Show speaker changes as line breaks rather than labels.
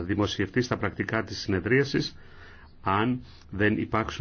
δημοσιευτεί στα πρακτικά της συνεδρίασης αν δεν υπάρξουν